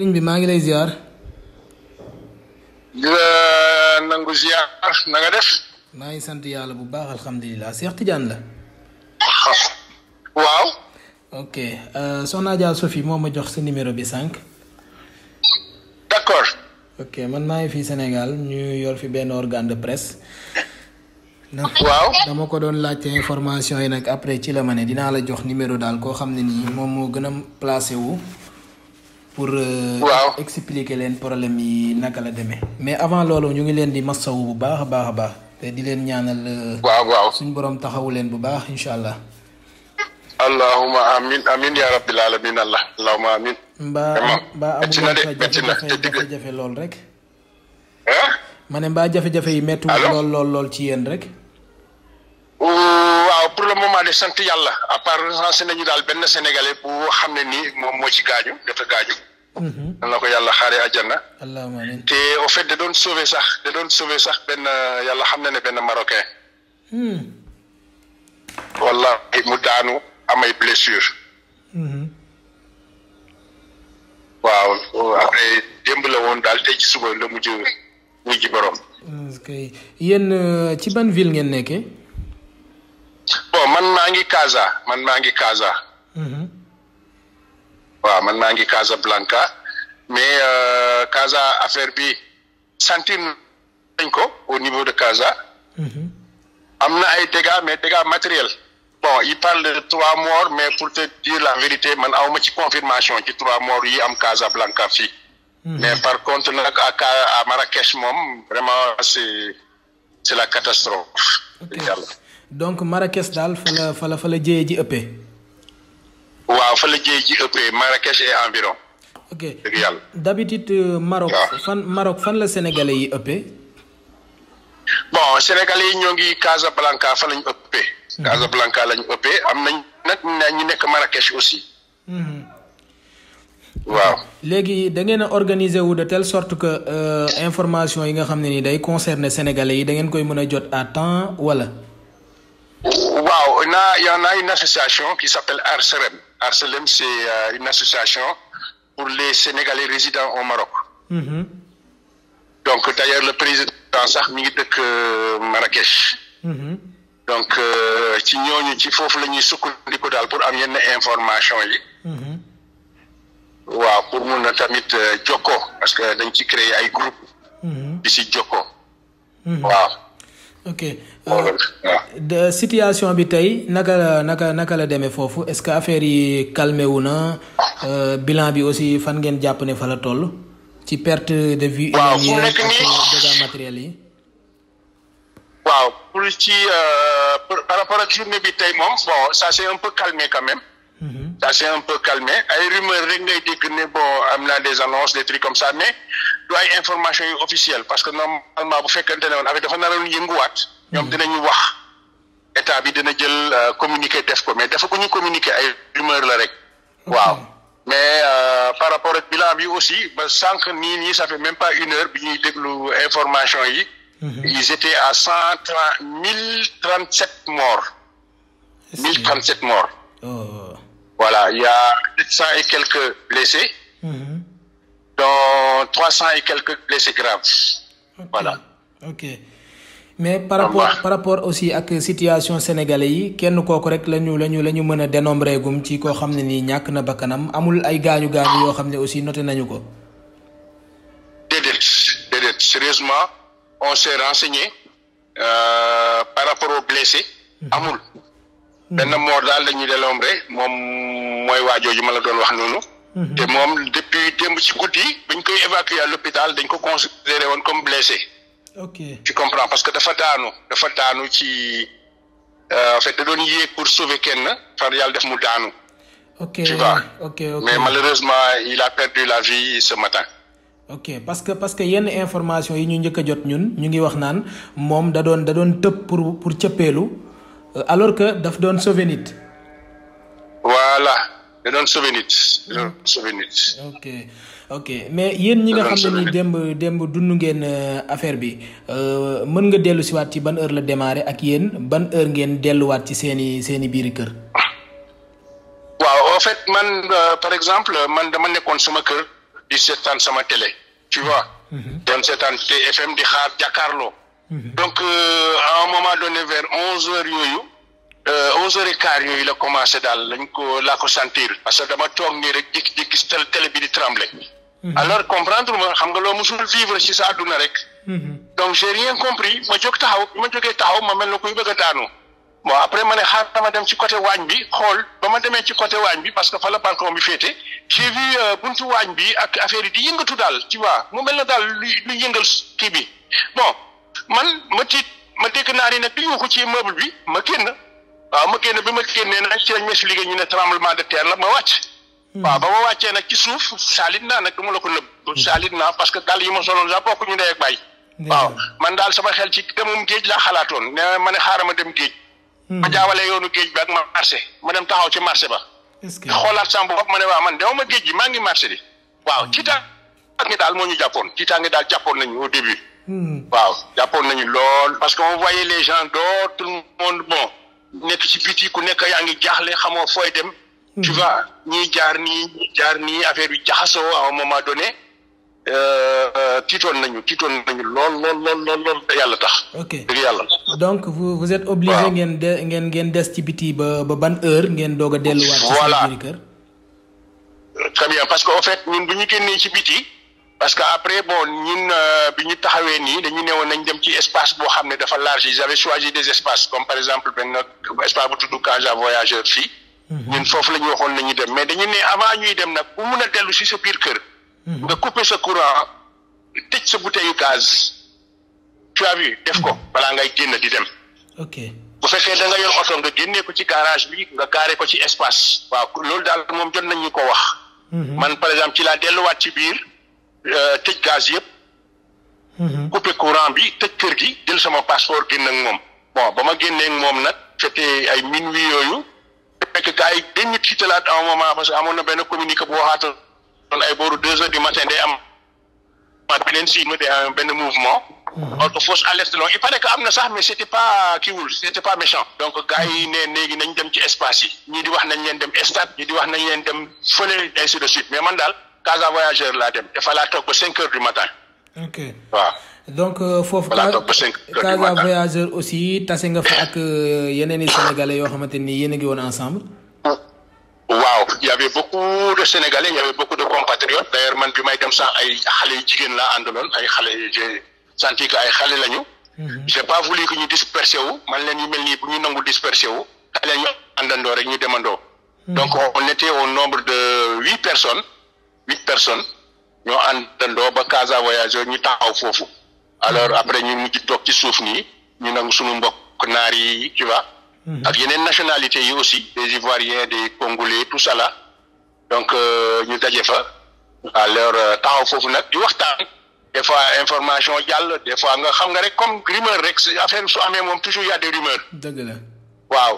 sëriñ bi maa ngi lay ziar. di la nangu ziar na def. maa ngi sant yàlla bu baax alhamdulilah Cheikh Tidiane la. waaw. ok euh, soxna Dia Sophie moo ma jox sa numéro bi sànq. d'accord. ok man maa ngi fii Sénégal ñu yor fi benn organe de presse. waaw dama ko doon laajte information yi nag après ci la ma ne dinaa la jox numéro daal koo xam ne nii moom moo gën a placé wu pour. Euh, waaw expliquer leen problème yi naka la demee. mais avant loolu ñu ngi leen di masawu bu baax a baax a baax te di leen ñaanal. Euh, waaw waaw suñu boroom taxawu leen bu baax incha allah. allahuma amin amin yaa rabbil alamin allah allahuma amin. mbaa mbaa amu leen fa jafe-jafe jafe lool rek. ma mbaa jafe-jafe yi méttiwul lool lool lool ci yéen rek. pour le moment de sant yàlla à part lancé nañu daal benn sénégalais bu xam ne nii moom moo ci gaañu jot a gaañu. dana mhm. ko yàlla xaaree àjjana. allahumma amiin te au fait da doon sauver sax da doon sauver sax benn yàlla xam na ne benn marocain. Hmm. wallahi mu daanu amay blessure. Mhm. waaw après démb la woon daal tey ci suba la mujj mujj borom. ok euh, ci ban ngeen nekkee. bon man maa ngi Casa man maa ngi Casa. Mhm. man maa ngi Casablanca mais euh, Casa affaire bi santine nañ ko au niveau de Casa. Mhm. am na ay dégâts mais dégâts matériels. bon il parle de trois morts mais pour te dire la vérité man awma ci confirmation ci trois morts yi am Casablanca fi mhm. mais par contre nag ak à Marrakech moom vraiment c'est c'est la catastrophe. donc Marrakech daal fa la fa la fa la jëyee ji ëppee. waaw fa la jëyee ji ëppee Marrakech et environ. ok dëgg yàlla d'habitude euh, Maroc fan la sénégalais yi ëppee. bon sénégalais yi ñoo ngi Casablanca fa lañu ëppee. Mhm. Casablanca lañu ëppee am nañ nag ñu nekk Marrakech aussi. Mhm. waaw léegi dangeen organiser wu de telle sorte que euh, information yi nga xam ne nii day concerner sénégalais yi da ngeen koy mën a jot à temps wala. Wow, on a, il y en a une association qui s'appelle Arcelem. Arcelem, c'est euh, une association pour les Sénégalais résidents au Maroc. Mm -hmm. Donc, d'ailleurs, le président Sahmi de euh, Marrakech. Mm -hmm. Donc, euh, ci ñooñu ci foofu la ñuy sukkandiku daal pour am yenn information yi. Mm-hmm. waaw pour mun na tamit jokkoo parce que dañ ci créer ay groupe mm-hmm. di si jokkoo. Mm-hmm. waaw. Euh, situation bi tey naka la naka la demee foofu est-ce que affaire yi calmé wu na euh, bilan bi aussi fan ngeen jàpp ne fa la toll ci perte de vue. waaw nekk nii dégâts matériels yi. waaw pour ci euh, par rapport ak journée bi tey moom bon ça s'est un peu calmé quand même. Mm-hmm. ça s'est un peu calmé ay rumeur rek ngay dégg ne bon am naa des annonces des trucs comme ça mais du ay information yi officielle parce que normalement bu fekkante ne woon affaire dafa naroon yënguwaat. ñoom mm-hmm. dinañu wax état bi dina jël euh, communiqué def ko mais dafa ko ñu communiqué ay rumeur la rek. waaw mais euh, par rapport ak bilan bi aussi ba sànq nii nii ça fait même pas une heure bi ñuy déglu information yi. Mm-hmm. ils étaient à cent trente mille trente sept morts. mille trente sept morts. Oh. Voilà, il y a 700 et quelques blessés, mmh. dont 300 et quelques blessés graves. Okay. OK. mais par rapport par rapport aussi ak situation sénégalais yi kenn kooku rek la ñu la ñu la ñu mën a dénombré gum ci ko xam ne nii ñàkk na bakkanam amul ay gaañu gaañu yoo xam ne aussi noté nañu ko. déedéet déedéet sérieusement on s'est renseigné euh, par rapport aux blessés mhm. amul. benn moor daal dañuy ñuy rek moom mooy waa jooju ma la doon wax noonu. Mhm. te moom depuis démb ci guddi bañ koy évacuer à l'hôpital dañ ko considéré woon comme blessé. ok tu comprends parce que dafa daanu dafa daanu ci euh, en fait da yéeg pour sauver kenn par yàlla def mu daanu. ok tu vois okay, okay. mais malheureusement il a perdu la vie ce matin. ok parce que parce que yenn information yi ñu njëkk jot ñun ñu ngi wax naan moom da doon da doon tëb pour pour cëppeelu. Euh, alors que daf doon sauver nit. voilà doon sauver nit da doon hmm. sauver ok ok mais yéen ñi nga xam ne ni démb démb dund ngeen euh, affaire bi euh, mën nga dellu si waat ci ban heure la démarré ak yéen ban heure ngeen delluwaat ci seen i seen i biiri kër. waaw en fait man par exemple man dama nekkoon sama kër di seetaan sama télé tu vois. Hmm. doon seetaan TFM di xaar jàkkaarloo. Mhm. donc euh, à un moment donné ver onze heures yooyu euh, onze heures et yooyu la commencé daal la ko laa ko sentir parce que dama toog nii rek jékki-jékki tel télé bi di tremblé mhm. alors comprendre ma xam nga loo musul vivre ci sa àdduna rek mhm. donc j'ai rien compris ma jóg taxaw ma jógee taxaw ma mel na kuy bëgg a daanu bon après ma ne xaar dama dem ci côté waañ bi xool ba ma demee ci côté waañ bi parce que fa la balcon bi féete j'ai vu euh, buntu waañ bi ak affaire yi di yëngatu daal tu vois mu mel na daal lu yëngal kii bi bon man ma tiit ma dégg naa ni nag di yuuxu ci immeuble bi ma génn waaw ma génn bi ma génnee nag ci lañ ma expliqué ñu ne tremblement de terre la ma wàcc. Hmm. waaw ba ma wàccee nag ci suuf saalit naa nag du ma la ko nëbb. Hmm. saalit naa parce que dàll yi ma soloon sax bokk ñu ndey ak bàyyi. waaw man daal sama xel ci demum géej laa xalaatoon ne ma ne xaaral ma dem géej. Hmm. ma jaawalee yoonu géej bi ak ma marché ma dem taxaw ci marché ba. xoolaat sama bopp ma ne waaw man demoo ma géej gi maa ngi marché waaw ci taa ngi daal moo ñu jàppoon ci daal jàppoon nañu au début. Hmm. waaw jàppoon nañu lool parce que on voyait les gens dehors le monde bon nekk ci biti ku nekk yaa ngi jaaxle xamoo fooy dem hmm. tu vois jaar ni ñii jaar nii affaire bi jaxasoo à un moment donné euh, euh, tiitoon nañu tiitoon nañu lool lool lool lool yàlla tax. ok dëgg yàlla. donc vous êtes obligé. ngeen de ngeen ngeen des ci biti ba ba ban heure ngeen doog a delluwaat. voilà euh, ci biti. parce que après bon ñun euh, bi ñu taxawee nii dañu newoon nañ dem ci espace boo xam ne dafa large ils avaient choisi des espaces comme par exemple benn espace bu tudd Casa Voyageur fii. Mhm. ñun foofu la ñu waxoon nañu dem mais dañu ne avant ñuy dem nag ku mun a dellu si sa biir kër. Mhm. nga couper sa courant tëj sa bouteille gaz. tu as def ko mhm. balaa ngay génn di dem. ok bu fekkee da nga yor oto nga génnee ko ci garage bi nga gaaree ko ci espace. waaw loolu daal moom jot nañ ñu ko wax. man par exemple ci laa delluwaat ci biir. Euh, tëj gaz yëpp. Mhm. coupé courant bi tëj kër gi jël sama passeport génn ak moom bon ba ma génnee moom nag c'était ay minuit yooyu fekk ñu tiitalaat à un moment parce que amoon na benn communiqué bu waxaatoon ay booru deux heures du matin day am benn mouvement. or mhm. que fausse alerte la il paraît que am na sax mais c'était pas kiiwul c'était pas méchant. donc gars yi ne léegi nañ dem ci espace yi ñii di wax nañ leen dem stade ñii di wax nañ leen dem fële ainsi de suite mais man daal. Casa Voyageur laa dem te fa laa toog ba cinq heures du matin. ok waaw. donc euh, foofu. fa laa Voyageur aussi tase nga fa ak euh, yeneen i sénégalais yoo xamante ni yéen a ngi woon ensemble. waaw y avait beaucoup de sénégalais y avait beaucoup de compatriotes d'ailleurs man bi may dem sax ay xale yu jigéen laa àndaloon ay xale j'ai senti que ay xale lañu. Mhm. j'ai pas voulu que ñu dispersé wu man leen ñu mel nii bu ñu nangu dispersé wu xale ñu àndandoo rek ñu demandoo. Mhm. donc on était huit personnes ñoo àndandoo ba Casa Voyageur ñu taaxaw foofu alors mm-hmm. après ñu mujj toog ci suuf nii ñu nangu suñu mbokk naar yi tu vois mm-hmm. yeneen nationalité yi aussi des Ivoiriens des Congolais tout ça là donc euh, ñu daje fa alors euh, taxaw foofu nag di waxtaan des fois information jàll des fois nga xam nga rek comme rumeur rek affaire su amee moom toujours y a waaw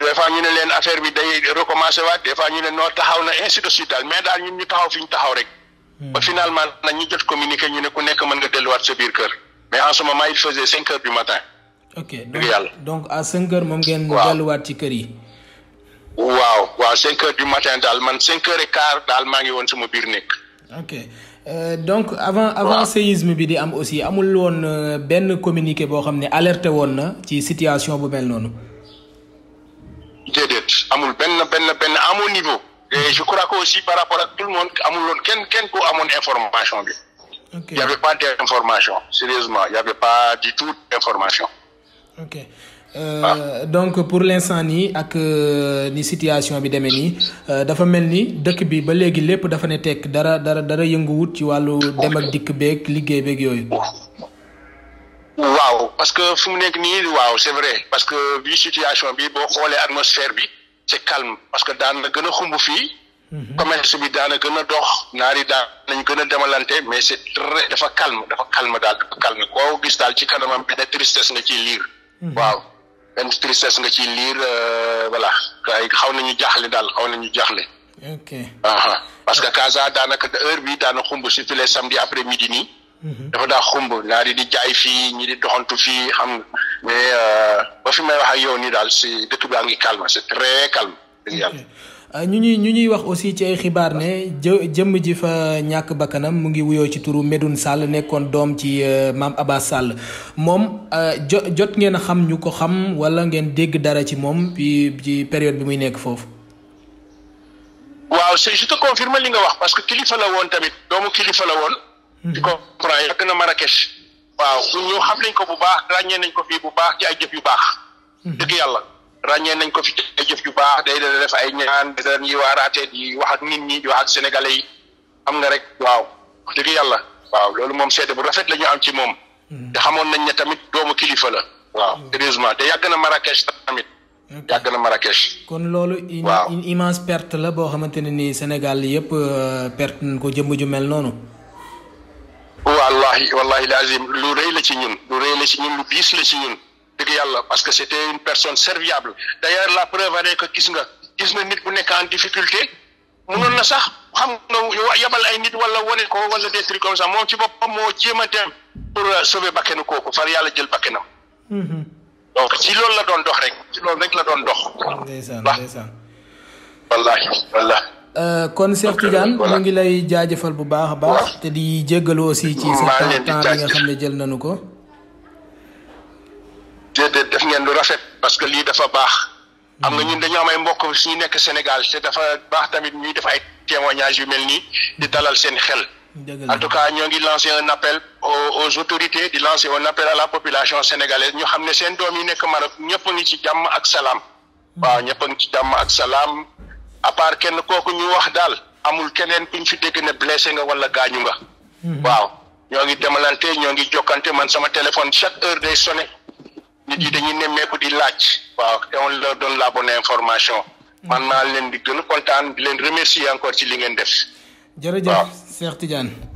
des fois ñu ne leen affaire bi day recommencé waat des fois ñu ne noo taxaw na ainsi de suite daal mais daal ñu taxaw fi ñu taxaw rek. Hmm. ba finalement nag ñu jot communiqué ñu ne ku nekk mën nga delluwaat sa biir kër mais en ce may il faisait cinq heures du matin. ok donc donc à moom ngeen. waaw delluwaat ci kër yi. waaw waaw cinq heures du man cinq heures maa ngi woon sama biir nekk. Euh, donc avant avant séisme bi di am aussi amul woon euh, benn communiqué boo xam ne alerté woon na ci situation bu mel noonu. déedéet amul benn benn benn à mon niveau. je crois que aussi par rapport ak tout le monde amul woon kenn kenn ku amoon information bi. ok y' information sérieusement y' avait pas du tout d' information. ok ah. euh, donc pour l' instant nii ak euh, ni situation bi demee nii euh, dafa mel ni dëkk bi ba léegi lépp dafa ne tekk dara dara dara yënguwut ci wàllu dem ak dikk beeg liggéey beeg yooyu. waaw parce que fu mu nekk nii waaw c'est vrai parce que bi situation bi boo xoolee atmosphère bi c'est calme parce que daan na gën a xumb fii. Mhm. commerce bi daana na gën a dox naar yi daan nañ gën a demalante mais c'est très dafa calme dafa calme daal dafa gis daal ci kanamam benn tristesse nga ci liir. Mhm. waaw benn tristesse nga ciy liir euh, voilà kay xaw nañu jaaxle daal xaw nañu jaaxle. ok parce que euh. Casa daanaka heure bi daana xumb surtout les samedi après midi nii. Mm-hmm. dafa daa xumb naa di di jaay fii ñi di doxantu fii mais euh, ba fi may wax ak yow nii daal si dëkk bi a ngi calme c'est très calme euh, ñu ñuy ñu ñuy wax aussi ci ay xibaar ne jë ji fa ñàkk bakkanam mu ngi wuyoo ci turu Medoune sàll nekkoon doom ci euh, maam Abba sàll moom jo jot ngeen xam ñu ko xam wala ngeen dégg dara ci moom ci ci période bi muy nekk foofu. waaw c'est je te confirme li nga wax parce que kilifa la woon tamit doomu kilifa la woon. di ko Coran yàgg Marrakech waaw ñu xam nañ ko bu baax ràññee nañ ko fii bu baax ci ay jëf yu baax mhm. dëgg yàlla ràññee nañ ko fi ay yu baax day dana def ay ñaan daan yi waaraatee di wax ak nit ñi di wax ak sénégalais yi am na rek waaw dëgg yàlla waaw loolu moom seete bu rafet la am ci moom mhm. te xamoon nañ ne tamit doomu kilifa la waaw heureusement mhm. te yàgg na Marrakech tamit yàgg na Marrakech kon loolu une immense perte la boo xamante ne ni Sénégal yëpp euh, perte nañ ko jëmb ju mel noonu wallahi wallahi lazim lu rëy la ci ñun lu rëy la ci ñun lu diis la ci ñun dëgg yàlla parce que c'était une personne serviable d'ailleurs la preuve est que gis nga gis na nit bu nekk en difficulté mënoon na sax xam nga yabal ay nit wala wane ko wala des trucs comme moom ci boppam moo jéem a dem pour euh, sauver bakkenu kooku far yàlla jël bakkenam mm-hmm. donc ci loolu la doon dox rek ci loolu rek la doon dox ndeysaan ndeysaan wallahi wallahi Euh, kon Cheikh Tidiane mu ngi lay jaajëfal bu baax a baax. te di jéggalu aussi ci sa temps bi nga xam ne jël nañu ko. déedéet def ngeen lu rafet parce que lii dafa baax. am nga hmm. ñun dañoo am ay mbokk suñu nekk Sénégal te dafa baax tamit ñuy def ay témoignages yu mel nii di dalal seen xel. en tout cas ñoo ngi lancé un appel aux autorités di lancer un appel à la population sénégalaise ñoo xam ne seen doom yi nekk Maroc ñëpp a ngi ci jàmm ak salaam. Hmm. waaw ñëpp a ci jàmm ak salaam. à part kenn kooku ñu wax daal amul keneen kuñ fi dégg ne blessé nga wala gaañu nga. Hmm. waaw ñoo ngi demalante ñoo ngi jokkante man sama téléphone chaque heure day sonné nit yi dañuy nemmeeku di laaj. waaw te on leur donne information. Hmm. man maa leen di gën a kontaan leen remercier encore ci li ngeen def. jërëjëf Cheikh Tidiane.